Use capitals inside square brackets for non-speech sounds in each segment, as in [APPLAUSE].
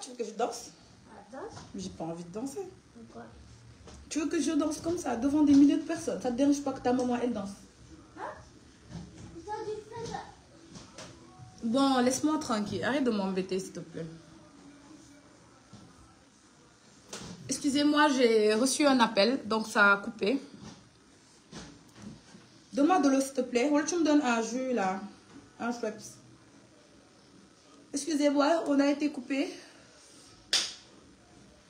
tu veux que je danse ah, Danse. J'ai pas envie de danser. Pourquoi Tu veux que je danse comme ça, devant des milliers de personnes Ça te dérange pas que ta maman, elle danse hein? Bon, laisse-moi tranquille. Arrête de m'embêter, s'il te plaît. Excusez-moi, j'ai reçu un appel, donc ça a coupé. Donne-moi de l'eau, s'il te plaît. Tu me donnes un jus, là. Un Excusez-moi, on a été coupé.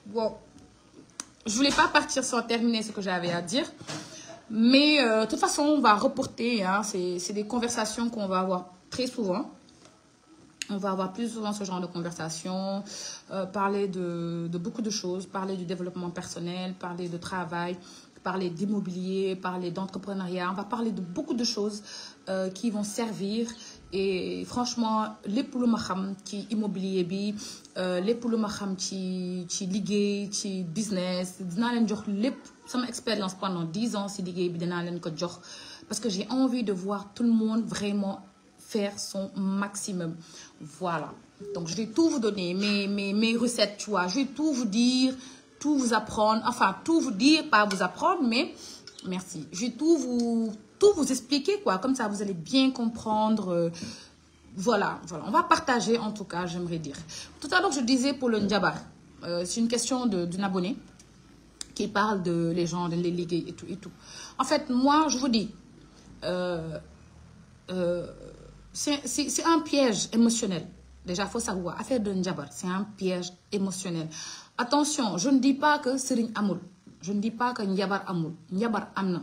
Bon, je voulais pas partir sans terminer ce que j'avais à dire. Mais euh, de toute façon, on va reporter. Hein, c'est des conversations qu'on va avoir très souvent. On va avoir plus souvent ce genre de conversations, euh, parler de, beaucoup de choses, parler du développement personnel, parler de travail, parler d'immobilier, parler d'entrepreneuriat. On va parler de beaucoup de choses euh, qui vont servir et franchement les lu ma xam ci immobilier bi euh, les lu ma xam ci ci business dina len jox expérience pendant dix ans bi parce que j'ai envie de voir tout le monde vraiment faire son maximum voilà donc je vais tout vous donner mes mes mes recettes tu vois je vais tout vous dire tout vous apprendre enfin tout vous dire pas vous apprendre mais merci je vais tout vous tout vous expliquer, quoi. Comme ça, vous allez bien comprendre. Euh, voilà, voilà. On va partager, en tout cas, j'aimerais dire. Tout à l'heure, je disais pour le Ndiabar. Euh, c'est une question d'un abonné qui parle de les gens, de les et tout, et tout. En fait, moi, je vous dis, euh, c'est un piège émotionnel. Déjà, il faut savoir, affaire de Ndjabar, c'est un piège émotionnel. Attention, je ne dis pas que c'est une amour. Je ne dis pas que Ndjabar amour. Ndjabar Amna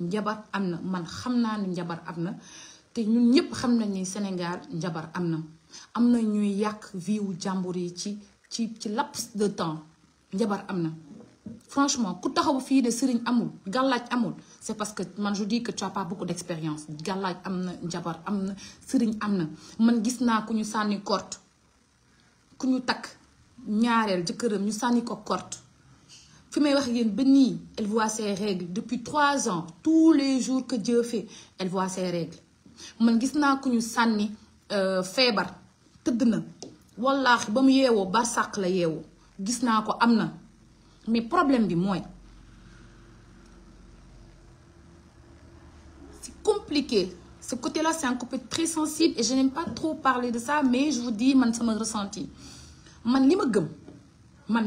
njabar amna man xamna naa njabar amna te ñun ñëpp xamna ni Sénégal njabar amna amna ñuy yak viu jàmbur ci ci ci laps de temps njabar amna franchement ku taxaw fi de sëriñ amul galaj amul c'est parce que man je dis que tu as pas beaucoup d'expérience galaj amna njabar sering na amna man gis ku ñu sanni korte ku ñu takk ñaareel jëkkëram ñu sanni ko corte elle voit ses règles depuis trois ans, tous les jours que Dieu fait, elle voit ses règles. Je vois naa ku ñu sànni de euh, tëdd na wallaahi ba mu bar sàq la en train mais problème est c'est compliqué ce côté là c'est un côté très sensible et je n'aime pas trop parler de ça mais je vous dis man sama ressenti man Je ma gëm man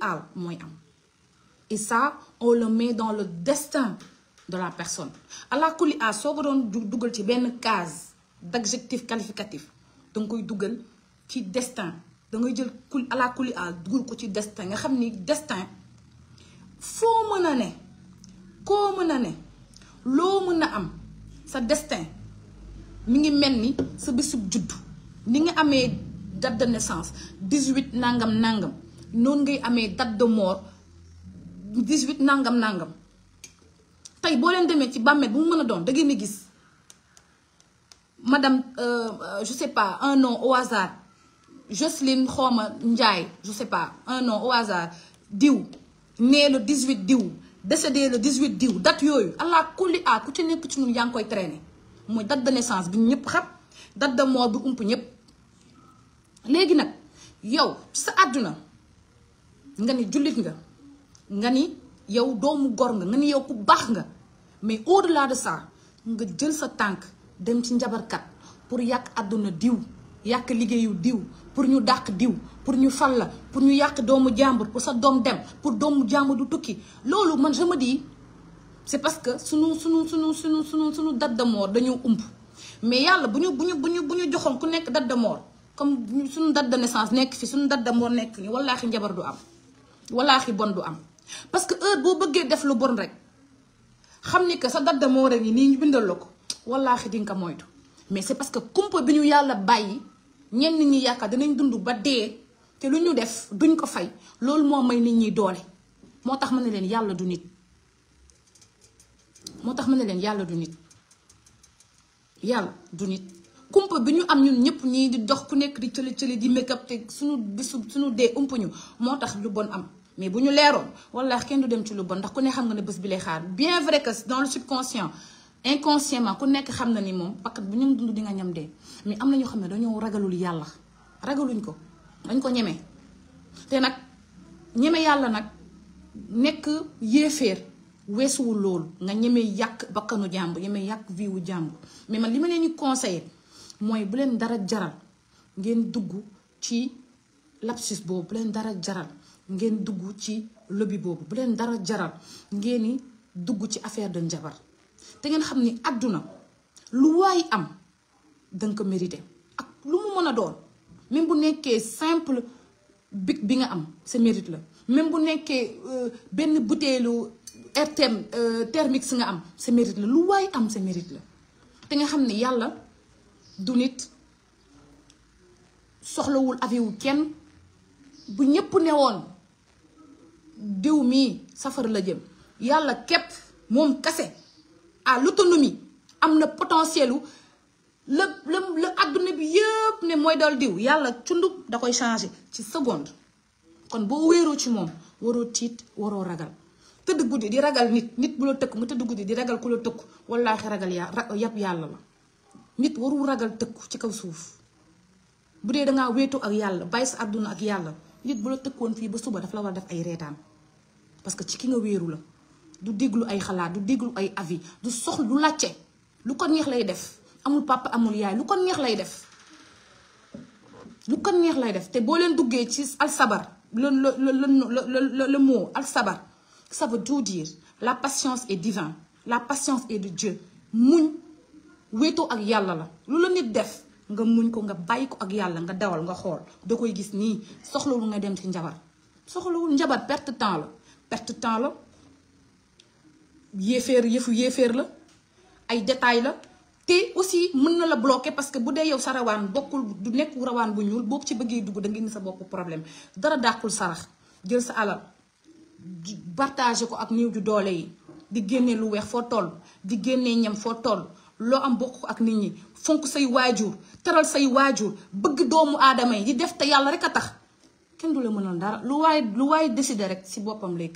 Ah, et ça on le met dans le destin de la personne à kulli à dans case d'adjectif qualificatif donc koy destin donc le jël à ala ah, destin nga destin sa destin mi ngi ce bisou sa bisub date de naissance 18 nangam nangam non, ngay amé date de mort 18 nangam nangam tay boo leen demee ci bamé bu mu mën a da gis madame euh, euh, je sais pas un nom au hasard Jocelyne Khoma Ndjay je sais pas un nom au hasard diou Né le 18 diou décédé le 18 diou date yoyu allah kulli a ku ci nekk ci ñun yang koy traîner mooy date de naissance bi ñëpp xat date de mort bi ump ñëpp légui nak yow sa aduna nga ni jullit nga nga ni yow doomu gor nga nga ni yow ku baax nga mais au delà de ça nga jël sa tànk dem ci njabarkat pour yàq àdduna diw yàq liggéeyu diw pour ñu dàq diw pour ñu fal la pour ñu yàq doomu jàmbur pour sa doom dem pour doomu jàmbur du tukki loolu man je di dis c'est parce que sunu sunu sunu sunu sunu sunu date de mort dañoo umb mais yàlla bu ñu bu ñu bu ñu bu ñu joxoon ku nekk date de mort comme sunu date de naissance nekk fi sunu date de mort nekk fi ni njabar du am. walaaxi bon du am parce que heure boo bëggee def lu bon rek xam ni que sa dadda moo rek yi nii ñu bindal la ko walaaxi di nga ko moytu mais c'est parce que kumpa bi ñu yàlla bàyyi ñenn ñi yaakaar danañ dund ba dee te lu ñu def duñ ko fay loolu moo may nit ñi doole moo tax ma ne leen yàlla du nit moo tax ma ne leen yàlla du nit yàlla du nit. kumpa biñu am ñun ñëpp ñi di dox ku nekk di cëli cëli di make up te suñu bisu suñu dee umpañu moo tax lu bon am mais buñu léron wallah wallaahi du dem ci lu bon ndax ku ne xam nga ne bëss bi lay xaar bien vrai que dans le subconscient inconsciemment ku nekk xam na ni mom bakkat buñu ñu dund di nga ñam dé mais am na ñoo xam ne dañoo ragalul yalla ragaluñ ko dañ ko ñëmé té nak ñëmé yalla nak nekk yéfer weesuwul lool nga ñëmé yak bakkanu jàmb ñëmé yak vie wu jàmb mais man li ma leen ñu conseillé moy bu len dara jaral ngeen dugg ci lapsus boobu bu len dara jaral ngeen dugg ci lobby boobu bu len dara jaral ngeeni dugg ci affaire de njabar te ngeen xamni aduna lu way am danga ko mérité ak lu mu meuna doon même bu nekké simple bic bi nga am c'est mérite la même bu nekkee euh, benn butéelu RTM euh, nga am c'est mérite la lu am c'est mérite la te nga ne yalla. du nit soxlawul aviwu kenn bu ñépp woon diw mii safara la jëm yàlla képp moom kase a à l'autonomie am na potentiel u la la la adduna bi yëpp ne mooy dal diw yàlla cundub da koy changer ci seconde kon boo wéeroo ci moom waroo tiit waroo ragal tëdd guddi di ragal nit nit bu la tëkk mu tëdd guddi di ragal ku la tëkk wallaahi ragal yaa yab yàlla la nit warul ragal tekk ci kaw suuf bu Vous nga wéetu ak yalla aduna ak nit bu la ba suba la def ay parce que ci ki nga la du déglu ay Tu du déglu ay avis du soxla du làcce lu neex lay def amul papa amul yaay lu ko neex lay def lu tu neex lay def te bo len duggé ci tu le le le le mot ça veut tout dire la patience est divin la patience est de Dieu muñ wéetoo ak yalla la lu la nit def nga muñ ko nga bayiko ak yalla nga dawal nga xol da koy gis soxlo lu nga dem ci njabar soxlawul njabar perte temps la perte temps la yéfer yëfu yéfer la ay détail la té aussi mën na la bloquer parce que boudé yow sarawan bokul du nek rawan bu ñuul bok ci bëggé dugg da ngeen sa bopp problème dara dakul sarax jël sa alal partager ko ak niou ju doole yi di génné lu fo toll di génné ñam fo toll lo am bokk ak nit ñi fonk say wajur teral say wajur bëgg doomu adamay rek a tax kenn du la mënal dara lu way lu décider rek si faut lay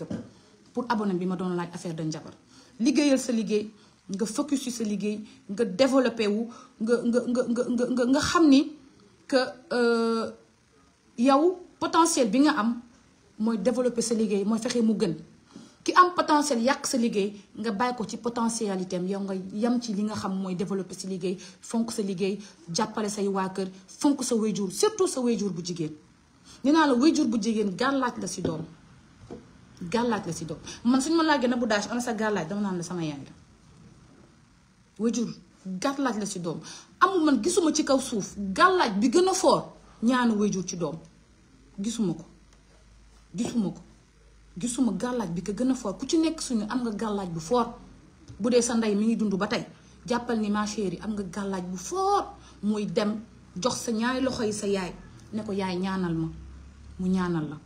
pour abonné bi ma doon laaj affaire de njabar liggéeyal sa liggéey nga focus ci sa liggéey nga développer wu nga nga nga nga nga que euh, yow potentiel bi nga am moy développé sa liggéey mu ki am potentiel yàq sa liggéey nga bàyyi ko ci potentialité am yow nga yem ci li nga xam mooy développer si liggéey fonk sa liggéey jàppale say waa kër fonk sa wéyjur surtout sa wéyjur bu jigéen nee naa la wéyjur bu jigéen gàllaaj la si doom gàllaaj la si doom man suñ ma laajee na bu daaj am sa gàllaaj dama naan la sama yaay la wéyjur gàllaaj la si doom amul man gisuma ci kaw suuf gàllaaj bi gën a foor ñaanu wéyjur ci doom gisuma ko gisuma ko gisuma gàllaaj bi ko gën a fort ku ci nekk suñu am nga gàllaaj bu foor bu dee sa ndey mi ngi dund ba tey jàppal ni ma chérie am nga gàllaaj bu fort muy dem jox sa ñaari loxo yi sa yaay ne ko yaay ñaanal ma mu ñaanal la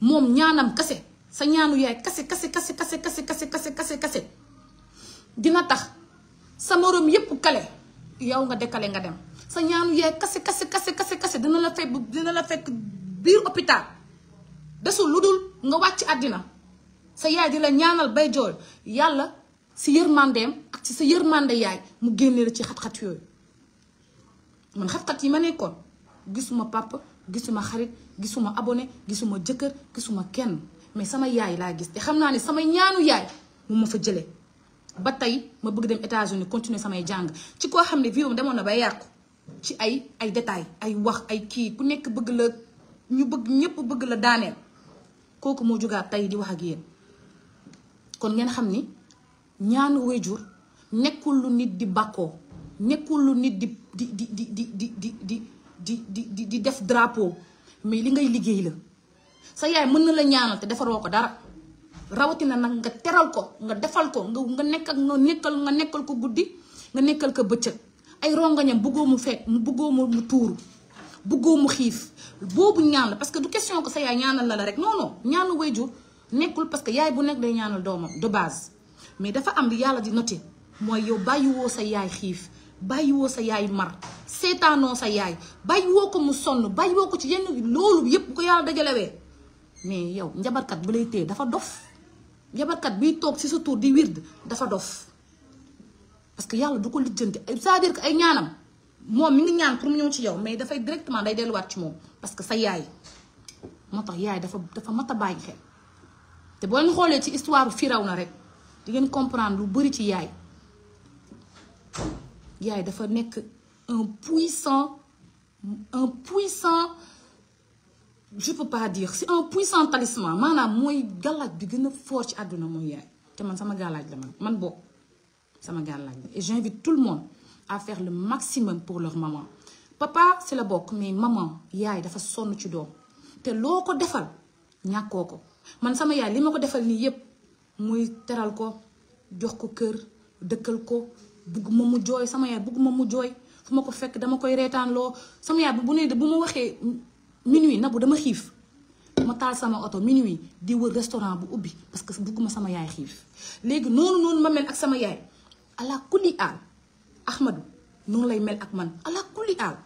moom ñaanam kase sa ñaanu yaay kase kase kase kase kase kase kase kase dina tax sa moroom yépp kale yow nga décalé nga dem sa ñaanu yaay kase kase kase kase kase dina la fekk dina la fekk biir hôpital desul lu dul nga wàcc àddina sa yaay di la ñaanal bay jooy yàlla si yërmandeem ak ci sa yërmande yaay mu génne la ci xat-xat yooyu man xat-xat yi ma nekkoon gisuma papa gisuma xarit gisuma abonné gisuma jëkkër gisuma kenn mais sama yaay laa gis te xam naa ne sama ñaanu yaay mu ma fa jëlee ba tey ma bëgg dem États-Unis continuer samay jàng ci koo xam ne vie am demoon na bay yàqu ci ay ay détails ay wax ay kii ku nekk bëgg la ñu bëgg ñëpp bëgg la daaneel. koku mo jogat tay di wax ak yeen kon ngeen xamni ni ñaanu wéjur lu nit di bako nekul lu nit di di di di di di di di di di def drapeau mais li ngay liggey la sa yaay mën na la ñaanal te defal ko dara rawatina na nga teral ko nga defal ko nga nga nek ak nga nekkal nga nekkal ko guddii nga nekkal ko beccëk ay rongañam bëggo mu mu bëggo mu tour buggoo mu xiif boobu ñaan la parce que du question que sa yaay ñaanal na la rek non non ñaanu wayjur nekkul parce que yaay bu nekk day ñaanal doomam de baas mais dafa am li yàlla di noté mooy yow bàyyiwoo sa yaay xiif bàyyiwoo sa yaay mar seetaanoo sa yaay bàyyiwoo ko mu sonn bàyyiwoo ko ci yenn loolu yépp bu ko yàlla dajalewee mais yow njabarkat bu lay téye dafa dof njabarkat biy toog ci sa tur di wird dafa dof parce que yàlla du ko lijjanti c'est-à-dire ay ñaanam Moi, je suis ñaan pour ci yow directement day wat ci parce que sa yaay motax yaay dafa dafa mata xel ci histoire firawna rek di comprendre lu ci yaay yaay dafa nek un puissant un puissant je peux pas dire c'est un puissant talisman manam moy galaj bi fort ci aduna moy yaay te man sama la man man et j'invite tout le monde à faire le maximum pour leur maman papa c'est la bok, mais maman yaay dafa fait ci dors. te loko defal ko man sama yaay li ma defal ni yep, muy teral ko jox ko De dëkkal ko mu joy sama yaay bugguma mu joy, fekk dama sama yaay bu ne ça. ma minuit na dama ma taal sama auto minuit di wër restaurant bu ubi parce que bëgguma sama yaay xif légui nonu nonu ma mel ak sama yaay ala kulli Ahmadou noonu lay mel ak man ala kulli aal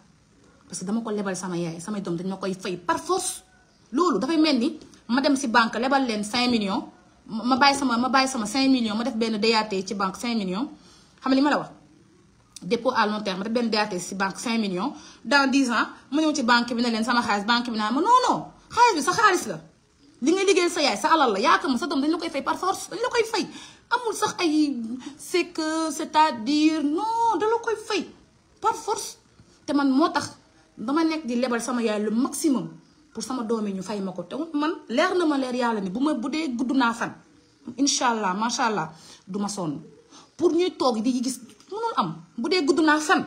parce que dama ko lebal sama yaay samay doom dañ ma koy fay par force loolu dafay mel ni ma dem si banque lebal leen 5 millions ma bàyyi sama ma bàyyi sama 5 millions ma def benn DAT ci banque 5 millions xam nga li ma la wax dépôt à long benn DAT si banque 5 millions dans 10 ans ma ci banque bi ne leen sama xaalis banque bi naa ma non xaalis bi sa xaalis la li nga liggéey sa yaay sa alal la yaakaar ma sa doom dañ la koy fay par force dañ la koy fay. amul sax ay c'est que c'est-à-dire non de la koy fay par force te man motax dama nek di lebal sama yaay le maximum pour sama doomi ñu fay ma ko te man leer na ma leer yàlla ni buma budé fan inshallah machallah duma son pour ñuy tok di gis mënul am budé dee fan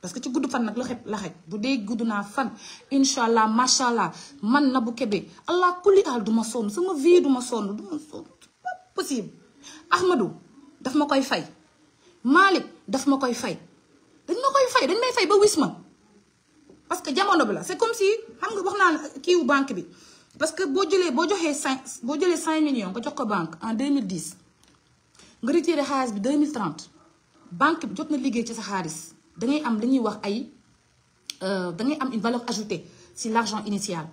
parce que ci gudd fan nak la xet la xet budé dee fan inshallah machallah man na bu kébé allah kulli al duma son sama vie duma son duma son possible. Ahmadou daf ma koy fay Malik, daf ma koy fay dañ ma koy fay dañ may fay ba wis parce que jamono bi la c'est comme si xam nga wax naa la banque bi parce que bo jëlee bo joxee cinq bo jëlee cinq millions ko jox ko banque en 2010 nga retiré xaalis bi 2030 banque bi jot liggéey ci sa xaalis da ngay am li wax ay euh, da ngay am une valeur ajoutée si l'argent initial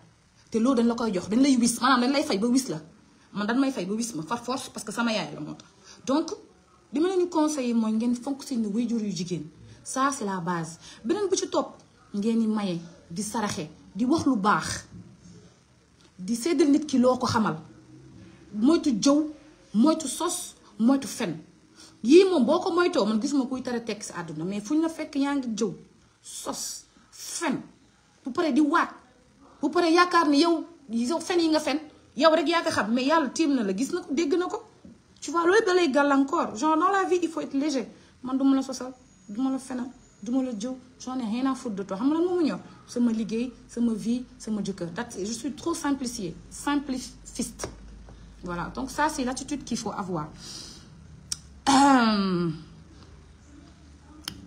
te lo dañ la koy jox dañ lay wis manam dañ lay fay ba wis la man dañ may fay bu wis ma fa force parce que sama yaay la moo donc li ma conseiller moy ngeen fonk seen waajur yu jigéen ça c'est la base benen bu ci top ngeen di maye di saraxé di wax lu bax di sédel nit ki loko xamal moytu jëw moytu sos moytu fen yi mom boko ko moytoo man gisuma kuy tere texte si mais fuñ la fekk yaa ngi jëw sos fen bu paree di wat bu paree yaakaar ni yow yi fen yi nga fen yow rek ya ko xam mais yalla tiim na la gis na ko dégg na tu vois loolu da gal encore genre dans la vie il faut être léger man du la sosal du la fena du la djou j'en ai rien à foutre de toi xam nga lan moo ñow sama liguey sama vie sama jëkkër dat je suis trop simplifiée simplifiste voilà donc ça c'est l'attitude qu'il faut avoir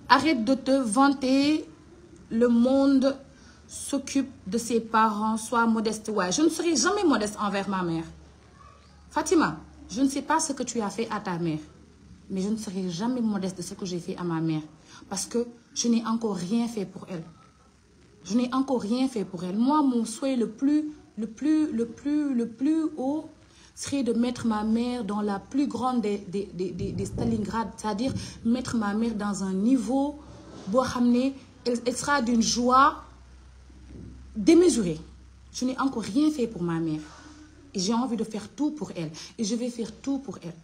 arrête de te vanter le monde s'occupe de ses parents, soit modeste. Ouais. Je ne serai jamais modeste envers ma mère. Fatima, je ne sais pas ce que tu as fait à ta mère, mais je ne serai jamais modeste de ce que j'ai fait à ma mère parce que je n'ai encore rien fait pour elle. Je n'ai encore rien fait pour elle. Moi, mon souhait le plus, le plus, le plus, le plus haut serait de mettre ma mère dans la plus grande des, des, Stalingrad, c'est-à-dire mettre ma mère dans un niveau, elle, elle sera d'une joie démesuré. Je n'ai encore rien fait pour ma mère. Et j'ai envie de faire tout pour elle. Et je vais faire tout pour elle.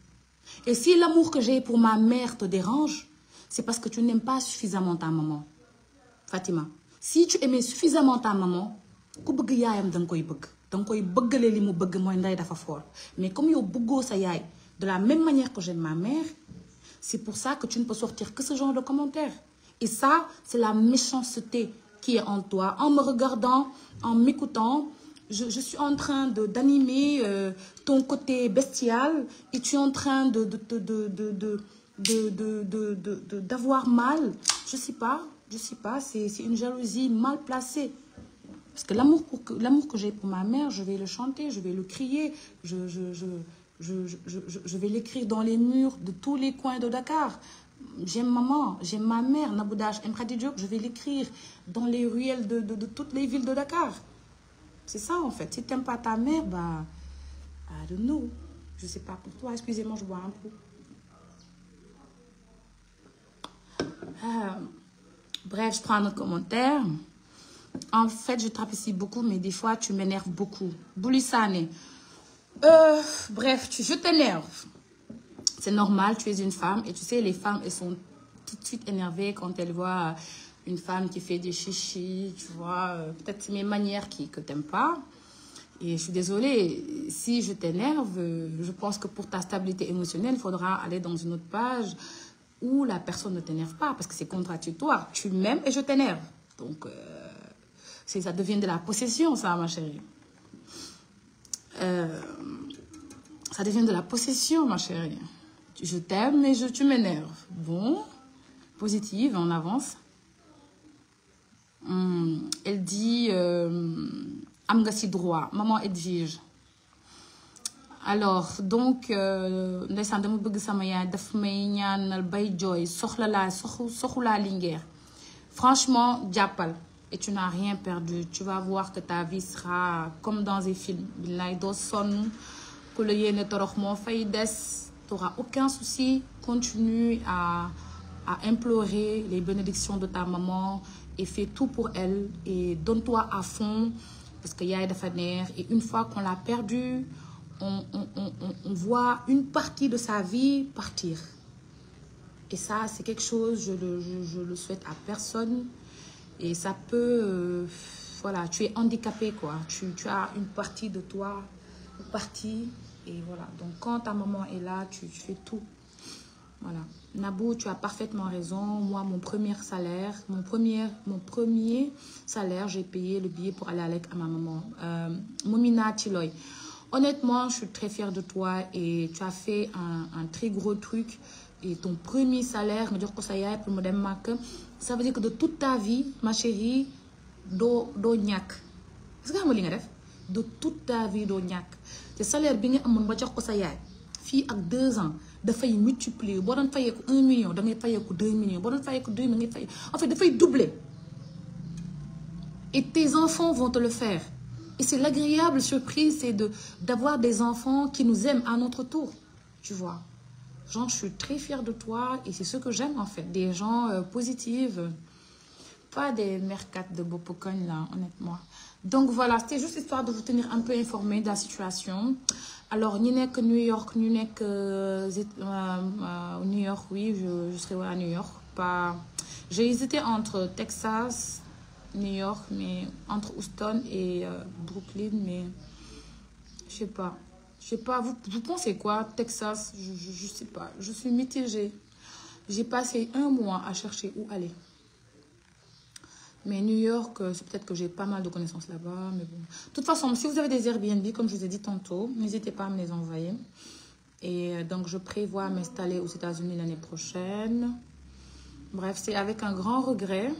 Et si l'amour que j'ai pour ma mère te dérange, c'est parce que tu n'aimes pas suffisamment ta maman. Fatima, si tu aimais suffisamment ta maman, ku mais comme tu as de la même manière que j'aime ma mère c'est pour ça que tu ne peux sortir que ce genre de commentaires et ça c'est la méchanceté qui est en toi. En me regardant, en m'écoutant, je, suis en train d'animer ton côté bestial et tu es en train de d'avoir mal. Je sais pas, je sais pas, c'est une jalousie mal placée. Parce que l'amour que, que j'ai pour ma mère, je vais le chanter, je vais le crier, je, je vais l'écrire dans les murs de tous les coins de Dakar j'aime maman, j'aime ma mère, Naboudage. je vais l'écrire dans les ruelles de, toutes les villes de Dakar. C'est ça en fait. Si tu t'aimes pas ta mère, bah, I don't know. Je sais pas pour toi. Excusez-moi, je bois un peu. bref, je prends un commentaire. En fait, je ici beaucoup, mais des fois, tu m'énerves beaucoup. Boulissane. Euh, bref, je t'énerve. C'est normal, tu es une femme. Et tu sais, les femmes, elles sont tout de suite énervées quand elles voient euh, une femme qui fait des chichis, tu vois. Euh, peut-être mes manières qui, que n'aimes pas. Et je suis désolée, si je t'énerve, euh, je pense que pour ta stabilité émotionnelle, il faudra aller dans une autre page où la personne ne t'énerve pas parce que c'est contradictoire. Tu m'aimes et je t'énerve. Donc, ça devient de la possession, ça, ma chérie. ça devient de la possession, ma chérie je t'aime, mais je, tu m'énerves. Bon, positive, on avance. Hum, elle dit euh, Amgasi droit, maman Edwige. alors donc euh, franchement Diapal, et tu n'as rien perdu tu vas voir que ta vie sera comme dans un film tu aucun souci. Continue à, implorer les bénédictions de ta maman et fais tout pour elle et donne-toi à fond parce qu'il y a Faner et une fois qu'on l'a perdue, on, voit une partie de sa vie partir. Et ça, c'est quelque chose, je le, le, souhaite à personne. Et ça peut... Euh, voilà, tu es handicapé, quoi. Tu, as une partie de toi, partie et voilà. Donc, quand ta maman est là, tu, fais tout. Voilà. Nabou, tu as parfaitement raison. Moi, mon premier salaire, mon premier, mon premier salaire, j'ai payé le billet pour aller avec à ma maman. Euh, Momina Tiloy. Honnêtement, je suis très fière de toi et tu as fait un, très gros truc. Et ton premier salaire, me dire que ça y est, pour ça veut dire que de toute ta vie, ma chérie, do, do ce que tu De toute ta vie, do le salaire bi nga amoon ba jox ko sa yaay fii ak deux ans dafay multiplier bon doon fayeeku un million da ngay fayeeku deux millions boo doon fayeeku deux millions fait en fait dafay doubler et tes enfants vont te le faire et c'est l'agréable surprise c'est de d'avoir des enfants qui nous aiment à notre tour tu vois genre je suis très fier de toi et c'est ce que j'aime en fait des gens euh, positifs pas des mercats de Bopokon, là, honnêtement. Donc voilà, c'était juste histoire de vous tenir un peu informé de la situation. Alors, ni n'est que New York, ni n'est que euh, euh, euh, New York, oui, je, serai à New York. Pas... J'ai hésité entre Texas, New York, mais entre Houston et Brooklyn, mais je sais pas. Je sais pas, vous, vous pensez quoi Texas, je, je, sais pas. Je suis mitigée. J'ai passé un mois à chercher où aller. Mais New York, euh, c'est peut-être que j'ai pas mal de connaissances là-bas. Mais bon. De toute façon, si vous avez des Airbnb, comme je vous ai dit tantôt, n'hésitez pas à me les envoyer. Et euh, donc, je prévois m'installer aux États-Unis l'année prochaine. Bref, c'est avec un grand regret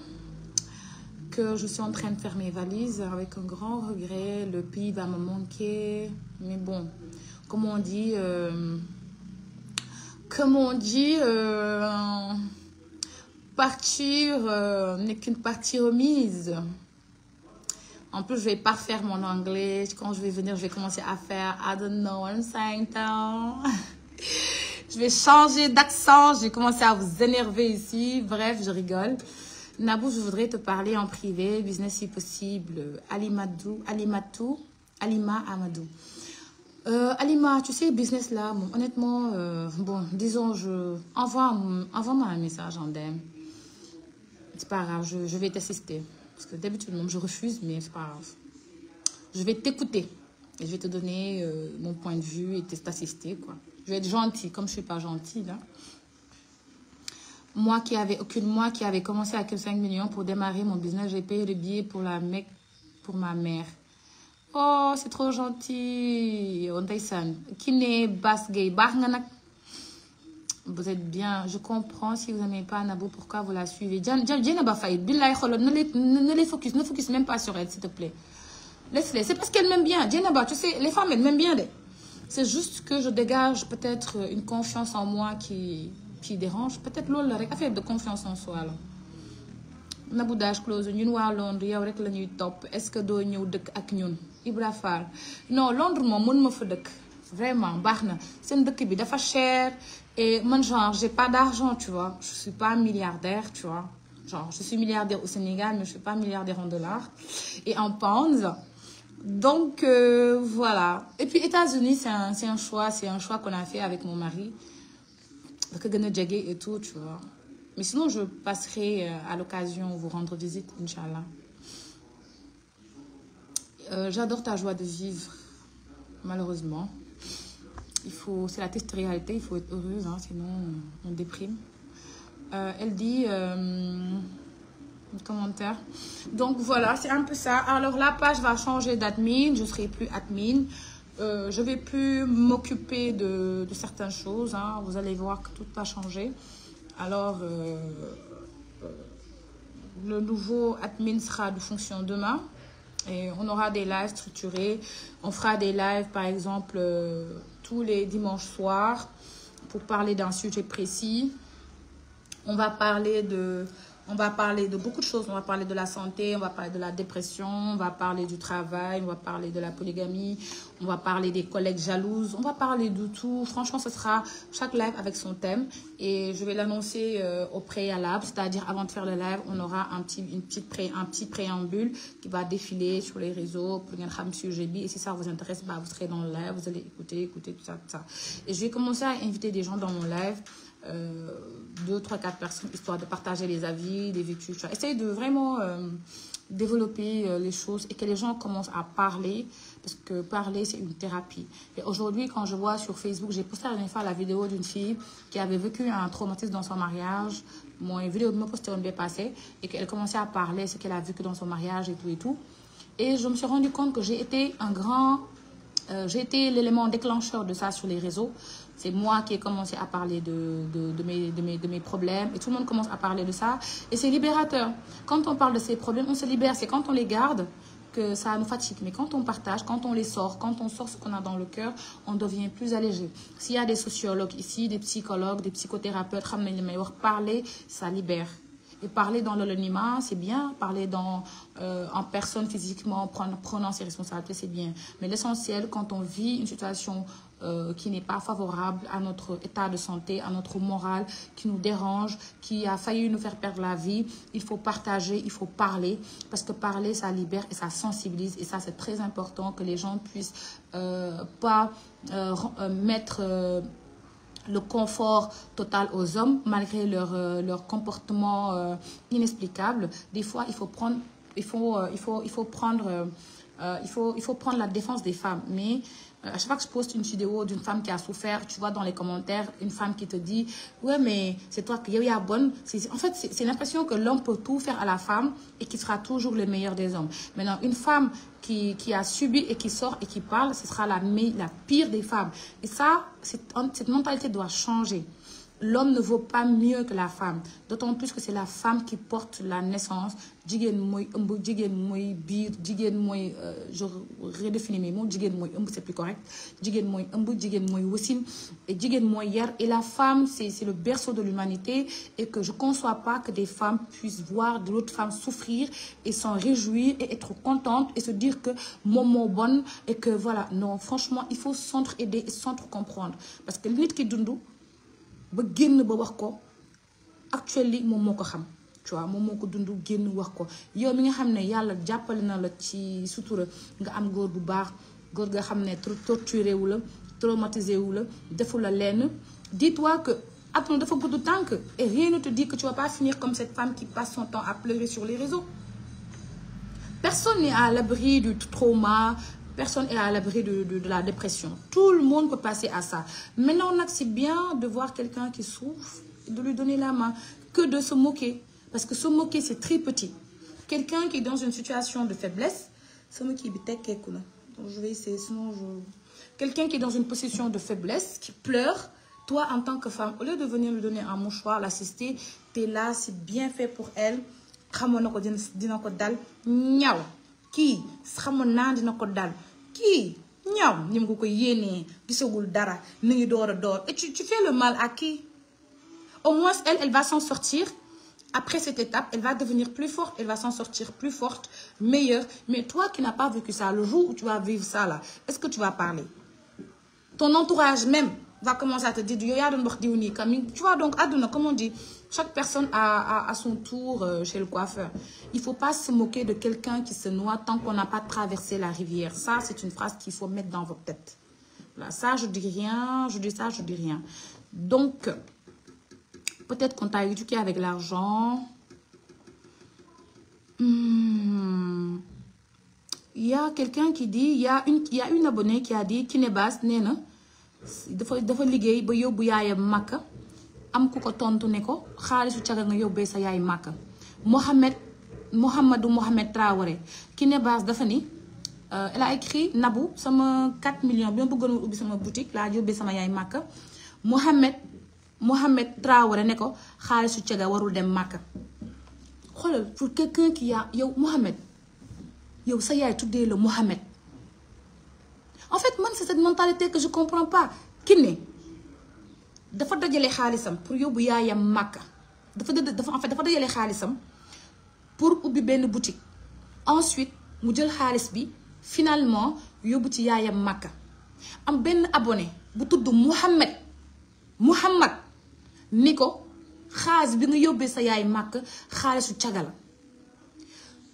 que je suis en train de faire mes valises. Avec un grand regret, le pays va me manquer. Mais bon, comme on dit... Euh, comme on dit partir euh, n'est qu'une partie remise. En plus, je vais pas faire mon anglais. Quand je vais venir, je vais commencer à faire I don't know what I'm saying [LAUGHS] je vais changer d'accent. Je vais commencer à vous énerver ici. Bref, je rigole. Nabou, je voudrais te parler en privé, business si possible. Alimadou, Alimatou, Alima Amadou. Euh, Alima, tu sais, business là, honnêtement, euh, bon, disons, je envoie, envoie-moi un message en DM. C'est pas grave, je, vais t'assister. Parce que d'habitude, je refuse, mais c'est pas grave. Je vais t'écouter. Et je vais te donner euh, mon point de vue et t'assister, quoi. Je vais être gentille, comme je suis pas gentille, là. Hein. Moi qui avais aucune, moi qui avait commencé avec 5 millions pour démarrer mon business, j'ai payé le billet pour la mec, pour ma mère. Oh, c'est trop gentil. On n'est pas Gay, vous êtes bien. Je comprends si vous n'aimez pas Naboo, pourquoi vous la suivez. Djanaba ne les focus, ne focus même pas sur elle, s'il te plaît. Laisse-les, c'est parce qu'elle m'aime bien. Djanaba, tu sais, les femmes, elles m'aiment bien. C'est juste que je dégage peut-être une confiance en moi qui, qui dérange. Peut-être l'eau, leur affaire de confiance en soi. Là. Naboudage Dash Close, nous à Londres, yow rek lañuy top. Est-ce que nous sommes dëkk ak ñun? Ibra Non, Londres moi mën ma fa pas. Vraiment, baxna. Sen dëkk bi dafa cher. Et moi, genre, j'ai pas d'argent, tu vois. Je suis pas milliardaire, tu vois. Genre, je suis milliardaire au Sénégal, mais je suis pas milliardaire en dollars et en pounds. Donc, euh, voilà. Et puis, États-Unis, c'est un, un, choix. C'est un choix qu'on a fait avec mon mari. Parce que et tout, tu vois. Mais sinon, je passerai euh, à l'occasion vous rendre visite, Inch'Allah. Euh, j'adore ta joie de vivre, malheureusement il faut, c'est la triste réalité, il faut être heureuse, hein, sinon on, déprime. Euh, elle dit, euh, Un commentaire, donc voilà, c'est un peu ça. Alors la page va changer d'admin, je serai plus admin. Euh, je vais plus m'occuper de, certaines choses. Hein. Vous allez voir que tout va changé. Alors, euh, le nouveau admin sera de fonction demain. Et on aura des lives structurés. On fera des lives, par exemple, tous les dimanches soirs pour parler d'un sujet précis. On va parler de on va parler de beaucoup de choses. On va parler de la santé, on va parler de la dépression, on va parler du travail, on va parler de la polygamie, on va parler des collègues jalouses, on va parler de tout. Franchement, ce sera chaque live avec son thème. Et je vais l'annoncer euh, au préalable, c'est-à-dire avant de faire le live, on aura un petit, petite un petit préambule qui va défiler sur les réseaux Et si ça vous intéresse, bah, vous serez dans le live, vous allez écouter, écouter tout ça, tout ça. Et je vais commencer à inviter des gens dans mon live euh, deux, trois, quatre personnes, histoire de partager les avis, les vécus. Tu vois. de vraiment euh, développer euh, les choses et que les gens commencent à parler, parce que parler, c'est une thérapie. Et aujourd'hui, quand je vois sur Facebook, j'ai posté la dernière fois la vidéo d'une fille qui avait vécu un traumatisme dans son mariage. Mon vidéo de me un peu passé et qu'elle commençait à parler ce qu'elle a vécu dans son mariage et tout et tout. Et je me suis rendu compte que j'ai été un grand... Euh, j'ai été l'élément déclencheur de ça sur les réseaux c'est moi qui ai commencé à parler de, de, mes, problèmes et tout le monde commence à parler de ça. Et c'est libérateur. Quand on parle de ces problèmes, on se libère. C'est quand on les garde que ça nous fatigue. Mais quand on partage, quand on les sort, quand on sort ce qu'on a dans le cœur, on devient plus allégé. S'il y a des sociologues ici, des psychologues, des psychothérapeutes, parler, ça libère. Et parler dans l'anonymat, c'est bien. Parler dans, euh, en personne physiquement, prendre, prenant ses responsabilités, c'est bien. Mais l'essentiel, quand on vit une situation euh, qui n'est pas favorable à notre état de santé, à notre morale, qui nous dérange, qui a failli nous faire perdre la vie. Il faut partager, il faut parler, parce que parler, ça libère et ça sensibilise. Et ça, c'est très important que les gens puissent euh, pas euh, mettre le confort total aux hommes, malgré leur, leur comportement inexplicable. Des fois, il faut prendre, il faut, il faut, il faut prendre, il faut, il faut prendre la défense des femmes. Mais euh, à chaque fois que je poste une vidéo d'une femme qui a souffert, tu vois dans les commentaires, une femme qui te dit « Ouais, mais c'est toi qui es bonne. » En fait, c'est l'impression que l'homme peut tout faire à la femme et qu'il sera toujours le meilleur des hommes. Maintenant, une femme qui, a subi et qui sort et qui parle, ce sera la pire des femmes. Et ça, cette mentalité doit changer l'homme ne vaut pas mieux que la femme d'autant plus que c'est la femme qui porte la naissance euh, je redéfinis mes mots c'est plus correct et yar et la femme c'est le berceau de l'humanité et que je ne conçois pas que des femmes puissent voir de l'autre femme souffrir et s'en réjouir et être contente et se dire que mon bonne et que voilà non franchement il faut s'entraider et s'entre comprendre parce que qui qui nous, ba génn ba wax ko actuellement moom moo ko xam tu vois moom moo ko dund génn wax ko yow mi nga xam ne yàlla jàppale na la ci sutura nga am góor bu baax góor nga xam ne trop torturé wu la traumatisé wu la defu la lenn dis-toi que adduna dafa gudd tànk et rien ne te dit que tu vas pas finir comme cette femme qui passe son temps à pleurer sur les réseaux personne n'est à l'abri du trauma personne est à l'abri de, la dépression. Tout le monde peut passer à ça. Maintenant, on bien de voir quelqu'un qui souffre, de lui donner la main, que de se moquer. Parce que se moquer, c'est très petit. Quelqu'un qui est dans une situation de faiblesse, se moquer, Quelqu'un qui est dans une position de faiblesse, qui pleure, toi, en tant que femme, au lieu de venir lui donner un mouchoir, l'assister, tu es là, c'est bien fait pour elle. Qui? dara et tu fais le mal à qui au moins elle elle va s'en sortir après cette étape elle va devenir plus forte elle va s'en sortir plus forte meilleure mais toi qui n'as pas vécu ça le jour où tu vas vivre ça là est-ce que tu vas parler ton entourage même va commencer à te dire, tu vois, donc, Aduna, comme on dit, chaque personne a, son tour euh, chez le coiffeur. Il ne faut pas se moquer de quelqu'un qui se noie tant qu'on n'a pas traversé la rivière. Ça, c'est une phrase qu'il faut mettre dans votre tête. Voilà, ça, je dis rien, je dis ça, je dis rien. Donc, peut-être qu'on t'a éduqué avec l'argent. Hmm. Il y a quelqu'un qui dit, il y a une, il y a une abonnée qui a dit, née non dafa dafa liggéey ba yóbbu yaayam màkka am ku ko tontu ne ko xaalisu a nga yóbbee sa yaay màkka Mohamed Mohamedou Mohamed Traoré ki ne baas dafa ni euh, elle a écrit sama 4 million bi ma bëggoon ubbi sama boutique laa yóbbee sama yaay màkka Mohamed Mohamed Traoré ne ko xaalisu caga warul dem màkka xoolal pour quelqu'un qui a yow Mohamed yow sa yaay tuddee la Mohamed. en fait moi, c'est cette mentalité que je comprends pas Qui n'est? dafa dajale xaalisam pour yóbbu yaayam màkka dafa dafa en fait dafa les xaalisam pour ubbi benn boutique ensuite mu jël xaalis bi finalement yóbbu ci yaayam màkka am ben abonné bu tudd Mohamed. Mohamed, ni Khaz, xaalis bi nga yóbbee sa yaay màkk xaalisu cagala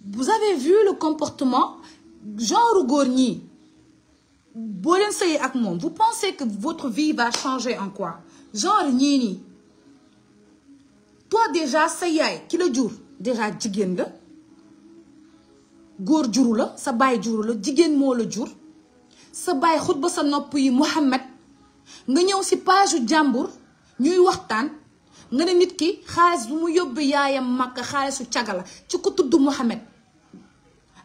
vous avez vu le comportement genre góor boo leen sëyee ak moom vous pensez que votre vie va changer en quoi genre ñii nii toi déjà sa yaay ki la jur déjà jigéen la góor juru la sa baay juru la jigéen moo la jur sa baay xut ba sa nopp yi Mouhamed nga ñëw si page jàmbur ñuy waxtaan nga ne nit ki xaalis bu mu yóbbu yaayam màkk xaalisu cagala ci ku tudd Mouhamed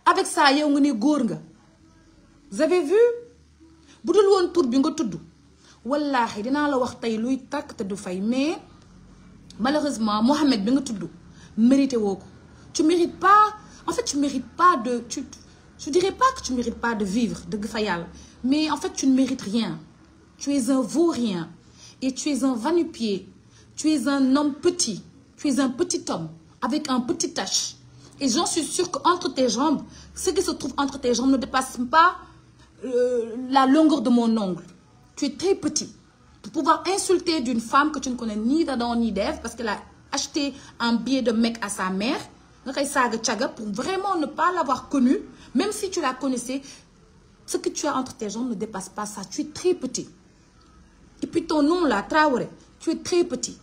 avec ça yow nga ne góor nga bu dul woon bi nga tudd Wallahi, la wax luy te mais malheureusement Mohamed bi nga tudd mérité tu mérites pas en fait tu mérites pas de tu je dirais pas que tu mérites pas de vivre de fa mais en fait tu ne mérites rien tu es un vaurien et tu es un va tu es un homme petit tu es un petit homme avec un petit tache et j'en suis sûre que entre tes jambes ce qui se trouve entre tes jambes ne dépasse pas euh, la longueur de mon ongle. Tu es très petit. Pour pouvoir insulter d'une femme que tu ne connais ni d'Adam ni d'Ève parce qu'elle a acheté un billet de mec à sa mère, pour vraiment ne pas l'avoir connue, même si tu la connaissais, ce que tu as entre tes jambes ne dépasse pas ça. Tu es très petit. Et puis ton nom là, Traoré, tu es très petit.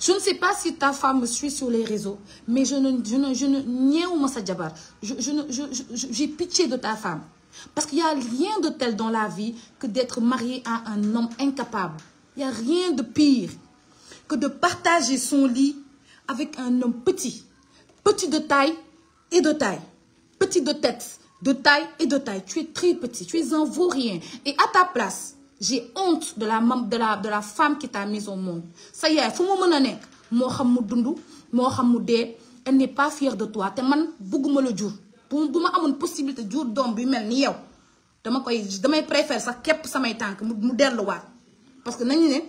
Je ne sais pas si ta femme me suit sur les réseaux, mais je ne, je ne, je ne, j'ai pitié de ta femme. Parce qu'il n'y a rien de tel dans la vie que d'être marié à un homme incapable. Il n'y a rien de pire que de partager son lit avec un homme petit. Petit de taille et de taille. Petit de tête, de taille et de taille. Tu es très petit, tu es un rien. Et à ta place, j'ai honte de la, de de la femme qui t'a mise au monde. Ça y est, faut me Elle n'est pas fière de toi. man, le pour bu ma possibilité jur doom bi mel yow dama koy damay préfère sax kep samay tank mu delluwaat parce que nañu ne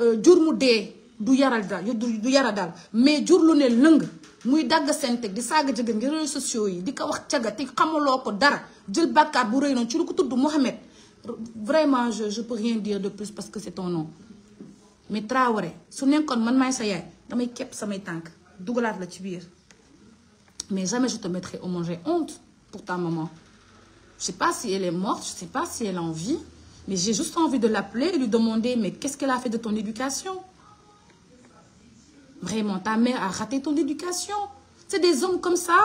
euh, jur mu dé du yaral dal du yara dal mais jour lu ne lëng muy dagg seen di saaga jigéen ngi réseaux sociaux yi di ko wax tiaga ti xamuloo ko dara djël bàkkaat bu rëy ci lu ko tuddu Mohamed vraiment je je peux rien dire de plus parce que c'est ton nom mais Traoré su nekkoon man may sa yaay damay kep samay tank dougalat la ci biir. Mais jamais je te mettrai au manger honte pour ta maman. Je ne sais pas si elle est morte, je ne sais pas si elle a envie. Mais j'ai juste envie de l'appeler et lui demander, mais qu'est-ce qu'elle a fait de ton éducation Vraiment, ta mère a raté ton éducation. C'est des hommes comme ça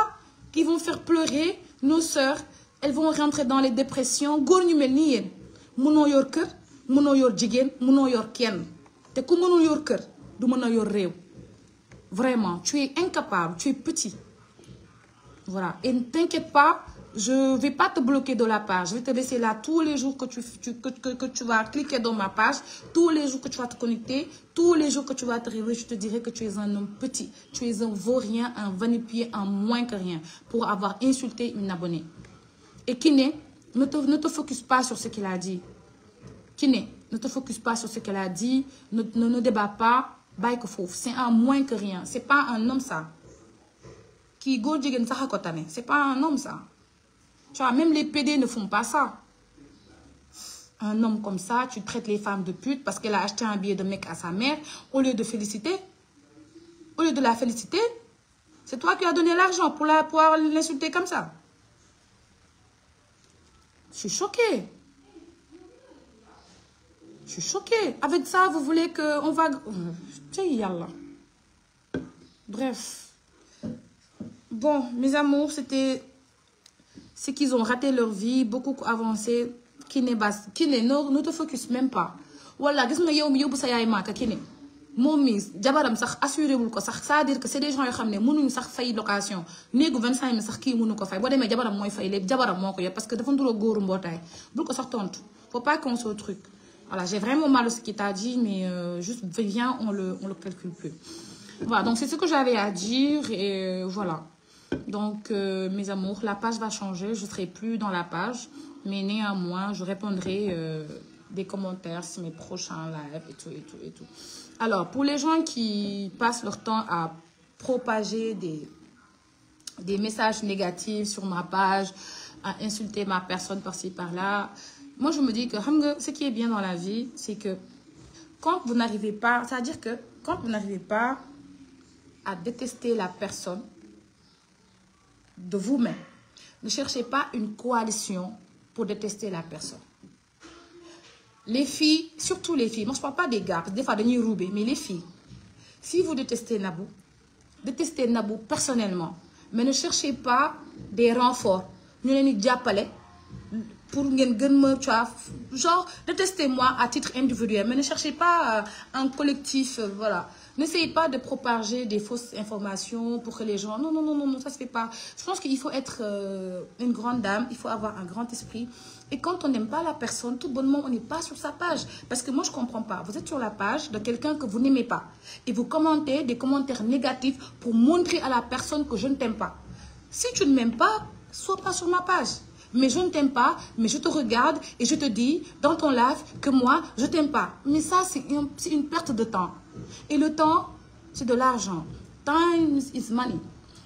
qui vont faire pleurer nos sœurs. Elles vont rentrer dans les dépressions. Vraiment, tu es incapable, tu es petit. Voilà. Et ne t'inquiète pas, je ne vais pas te bloquer de la page. Je vais te laisser là tous les jours que tu, que, que, que, tu vas cliquer dans ma page, tous les jours que tu vas te connecter, tous les jours que tu vas te réveiller, je te dirai que tu es un homme petit. Tu es un vaurien, un vanipier, un moins que rien pour avoir insulté une abonnée. Et Kiné, ne te, ne te focus pas sur ce qu'elle a dit. Kiné, ne te focus pas sur ce qu'elle a dit. Ne, ne, débat pas. Bye que C'est un moins que rien. C'est pas un homme ça. Qui go c'est pas un homme ça tu vois même les PD ne font pas ça un homme comme ça tu traites les femmes de putes parce qu'elle a acheté un billet de mec à sa mère au lieu de féliciter au lieu de la féliciter c'est toi qui as donné l'argent pour la pouvoir l'insulter comme ça je suis choquée je suis choquée avec ça vous voulez que on va euh, bref Bon, mes amours, c'était ce qu'ils ont raté leur vie, beaucoup avancé. Kine, bas, n'est, no, ne te focus même pas. Voilà, qu'est-ce que yow mi yobu sa yaay maka kine. Mom jabaram sax assuré wul ko sax, ça veut dire que c'est des gens qui xamné mënuñu sax fay location. Négu 25 000 sax ki mënu ko fay. Bo démé jabaram moy fay lépp, jabaram moko yo parce que dafa nduro goru mbotay. Bul ko sax tontu. Faut pas qu'on se truc. Voilà, j'ai vraiment mal à ce qu'il t'a dit, mais euh, juste viens, on le, on le calcule plus. Voilà, donc c'est ce que j'avais à dire et euh, voilà. Donc, euh, mes amours, la page va changer. Je ne serai plus dans la page. Mais néanmoins, je répondrai euh, des commentaires sur mes prochains lives et tout, et tout, et tout. Alors, pour les gens qui passent leur temps à propager des, des messages négatifs sur ma page, à insulter ma personne par-ci, par-là, moi, je me dis que ce qui est bien dans la vie, c'est que quand vous n'arrivez pas, c'est-à-dire que quand vous n'arrivez pas à détester la personne, de vous-même. Ne cherchez pas une coalition pour détester la personne. Les filles, surtout les filles, moi je ne parle pas des gars, parce que des fois, de roubés, mais les filles, si vous détestez Nabou, détestez Nabou personnellement, mais ne cherchez pas des renforts. Nous diapalais pour genre, détestez-moi à titre individuel, mais ne cherchez pas euh, un collectif, euh, voilà. N'essayez pas de propager des fausses informations pour que les gens... Non, non, non, non, ça ne se fait pas. Je pense qu'il faut être euh, une grande dame, il faut avoir un grand esprit. Et quand on n'aime pas la personne, tout bonnement, on n'est pas sur sa page. Parce que moi, je ne comprends pas. Vous êtes sur la page de quelqu'un que vous n'aimez pas. Et vous commentez des commentaires négatifs pour montrer à la personne que je ne t'aime pas. Si tu ne m'aimes pas, sois pas sur ma page mais je ne t'aime pas, mais je te regarde et je te dis dans ton live que moi, je ne t'aime pas. Mais ça, c'est une perte de temps. Et le temps, c'est de l'argent. Time is money.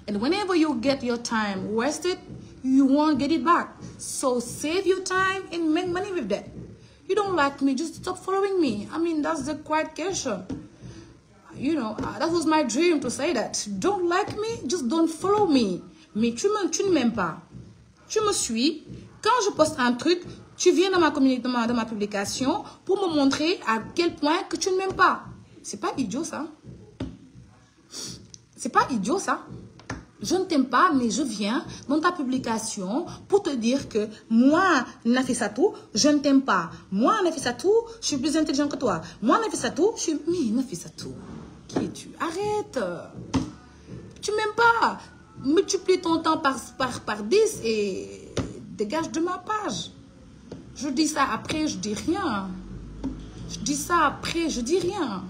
And whenever you get your time wasted, you won't get it back. So save your time and make money with that. You don't like me, just stop following me. I mean, that's the quiet question. You know, uh, that was my dream to say that. Don't like me, just don't follow me. Mais tu, me, tu ne m'aimes pas. Tu me suis. Quand je poste un truc, tu viens dans ma, dans ma publication pour me montrer à quel point que tu ne m'aimes pas. C'est pas idiot, ça. C'est pas idiot, ça. Je ne t'aime pas, mais je viens dans ta publication pour te dire que moi, Nafisatou, je ne t'aime pas. Moi, Nafisatou, je suis plus intelligent que toi. Moi, Nafisatou, je suis... Mais Nafisatou, qui es-tu Arrête Tu m'aimes pas Multiplie ton temps par, par, par 10 et dégage de ma page. Je dis ça après, je dis rien. Je dis ça après, je dis rien.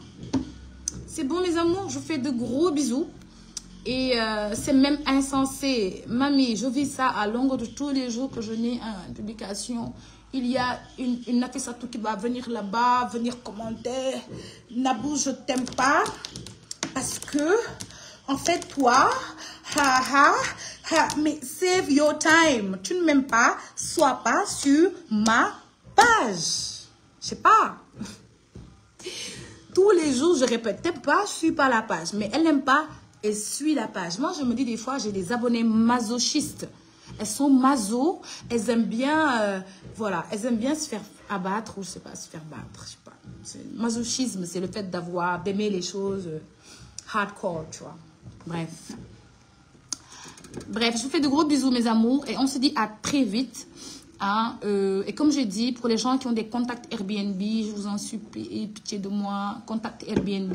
C'est bon, les amours, je fais de gros bisous. Et euh, c'est même insensé. Mamie, je vis ça à longueur de tous les jours que je n'ai une publication. Il y a une, à tout qui va venir là-bas, venir commenter. Nabou, je t'aime pas. Parce que, en fait, toi, ha, mais save your time. Tu ne m'aimes pas, sois pas sur ma page. Je sais pas jours, je répète, être pas, suis pas la page. Mais elle n'aime pas et suit la page. Moi, je me dis des fois, j'ai des abonnés masochistes. Elles sont maso, elles aiment bien, euh, voilà, elles aiment bien se faire abattre ou je sais pas, se faire battre, je sais pas. Masochisme, c'est le fait d'avoir, d'aimer les choses euh, hardcore, tu vois. Bref. Bref, je vous fais de gros bisous, mes amours, et on se dit à très vite. Euh, et comme je dis, pour les gens qui ont des contacts Airbnb, je vous en supplie, pitié de moi, contact Airbnb.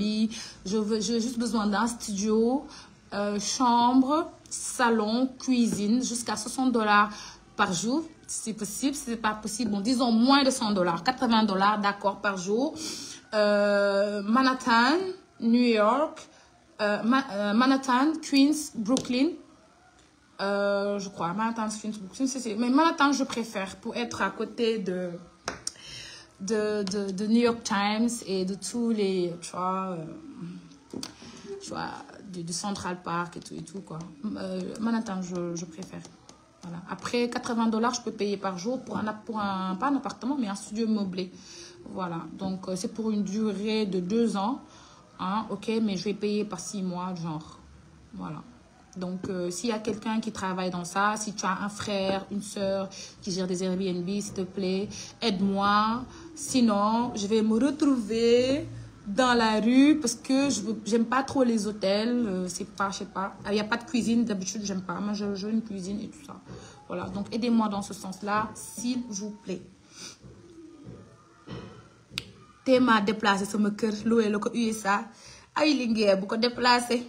J'ai juste besoin d'un studio, euh, chambre, salon, cuisine, jusqu'à 60 dollars par jour, si possible. Si ce n'est pas possible, bon, disons moins de 100 dollars, 80 dollars, d'accord, par jour. Euh, Manhattan, New York, Manhattan, Queens, Brooklyn, euh, je crois, Manhattan, mais Manhattan, je préfère pour être à côté de, de, de, New York Times et de tous les, tu vois, euh, tu vois du, Central Park et tout, et tout quoi. Euh, Manhattan, je, je préfère. Voilà. Après, 80 dollars, je peux payer par jour pour un, pour un, pas un appartement, mais un studio meublé. Voilà, donc c'est pour une durée de deux ans. Hein, ok, mais je vais payer par six mois, genre. Voilà. Donc, euh, s'il y a quelqu'un qui travaille dans ça, si tu as un frère, une soeur qui gère des Airbnb, s'il te plaît, aide-moi. Sinon, je vais me retrouver dans la rue parce que je j'aime pas trop les hôtels. Euh, c'est pas, je sais pas. Ah, il n'y a pas de cuisine. D'habitude, j'aime pas. Moi, je, veux une cuisine et tout ça. Voilà. Donc, aidez-moi dans ce sens-là, s'il vous plaît. Thème à déplacer, mon cœur. le USA. beaucoup déplacer.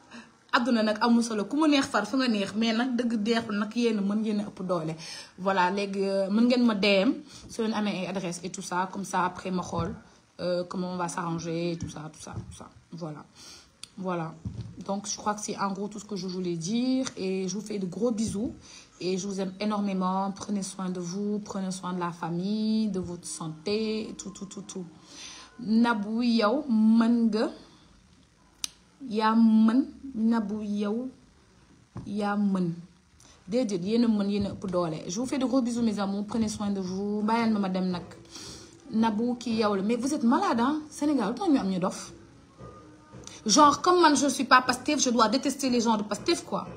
aduna nak amu solo neex far neex mais ngeen doole voilà légue euh, mën ngeen ma DM adresse et tout ça comme ça après ma euh, comment on va s'arranger tout ça tout ça tout ça voilà voilà donc je crois que c'est en gros tout ce que je voulais dire et je vous fais de gros bisous et je vous aime énormément prenez soin de vous prenez soin de la famille de votre santé tout tout tout tout nabu yow nabu yow man a je vous fais de gros bisous mes amours prenez soin de vous ma madame, nabu mais vous êtes malade hein Sénégal ñu am ñu genre comme man je suis pas pasteur, je dois détester les gens de pasteur, quoi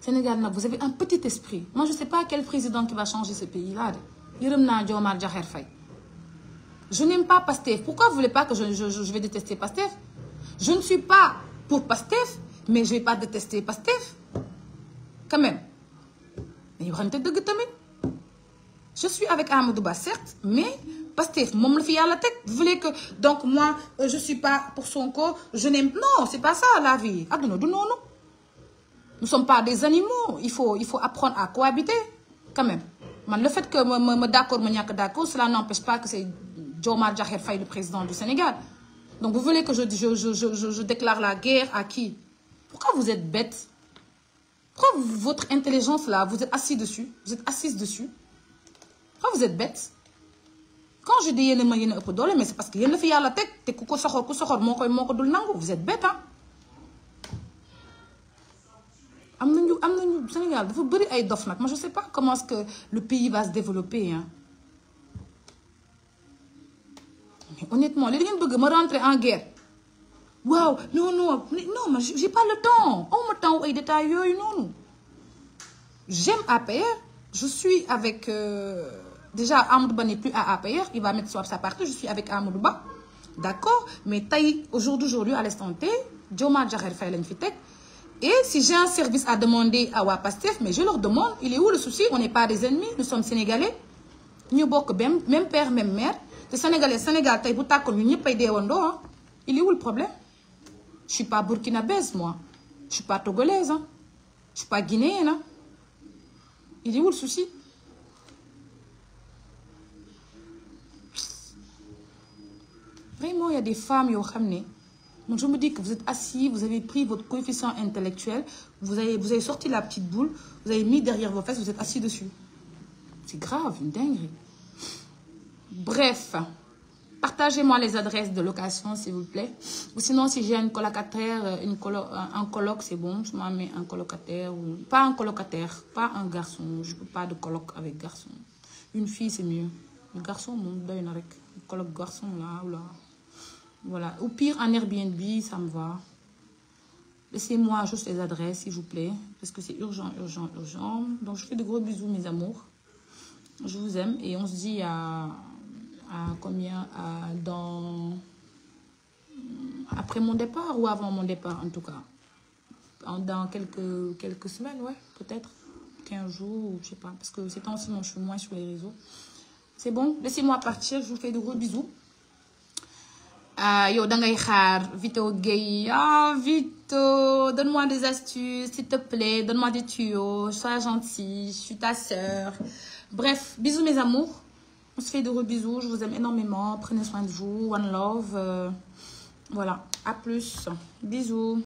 Sénégal vous avez un petit esprit moi je sais pas quel président qui va changer ce pays là je n'aime pas pasteur. pourquoi vous voulez pas que je je je vais détester pasteur je ne suis pas pour Pastef, mais je ne vais pas détester Pastef. Quand même. Je suis avec Amadouba, certes, mais Pastef, mon fils à la tête. Vous voulez que. Donc, moi, euh, je ne suis pas pour son corps. Je n'aime. Non, c'est pas ça la vie. Ah, non, non, non. Nous ne sommes pas des animaux. Il faut, il faut apprendre à cohabiter. Quand même. le fait que je suis d'accord, d'accord, cela n'empêche pas que c'est Jomar Jaher Faye, le président du Sénégal. Donc vous voulez que je, je, je, je déclare la guerre à qui Pourquoi vous êtes bête Pourquoi votre intelligence là, vous êtes assis dessus Vous êtes assise dessus Pourquoi vous êtes bête Quand je dis y'en ma yéen a mais c'est parce que y'en la fi la tête te ku ko soxor ku soxor vous êtes bête hein am nañu Sénégal dafa ay dof moi je sais pas comment est-ce que le pays va se développer hein. honnêtement les ngeen de me rentrer en guerre Waouh, non non non mais j'ai pas le temps on me tend des détails non non j'aime APR je suis avec euh, déjà Amadou n'est plus à APR il va mettre sa partie je suis avec Amadouba d'accord mais taille, aujourd'hui, aujourd'hui, à l'instant T j'ai Diakhar Faye et si j'ai un service à demander à Wapastef. mais je leur demande il est où le souci on n'est pas des ennemis nous sommes sénégalais Nous bokk même père même mère les sénégalais Sénégal tey bu pas ah. il est où le problème je suis pas burkinabèse moi je suis pas togolaise hein. je suis pas guinéenne hein. il est où le souci vraiment il y a des femmes qui ont ramené. Donc je me dis que vous êtes assis vous avez pris votre coefficient intellectuel vous avez vous avez sorti la petite boule vous avez mis derrière vos fesses vous êtes assis dessus c'est grave une dinguerie Bref, partagez-moi les adresses de location, s'il vous plaît. Ou sinon, si j'ai un colocataire, euh, euh, un coloc, c'est bon. Je m'en mets un colocataire. Ou... Pas un colocataire, pas un garçon. Je ne peux pas de coloc avec garçon. Une fille, c'est mieux. Le garçon, non, donne avec. Le coloc garçon, là, ou là. Voilà. Au pire, un Airbnb, ça me va. Laissez-moi juste les adresses, s'il vous plaît. Parce que c'est urgent, urgent, urgent. Donc, je fais de gros bisous, mes amours. Je vous aime. Et on se dit à combien dans euh, après mon départ ou avant mon départ en tout cas pendant dans quelques quelques semaines ouais peut-être 15 jours je sais pas parce que c'est temps-ci je suis moins sur les réseaux c'est bon laissez-moi partir je vous fais de gros bisous à euh, yo dangay Vito vite ah Vito donne-moi des astuces s'il te plaît donne-moi des tuyaux sois gentil je suis ta soeur bref bisous mes amours on se fait de gros bisous. Je vous aime énormément. Prenez soin de vous. One love. Euh, voilà. À plus. Bisous.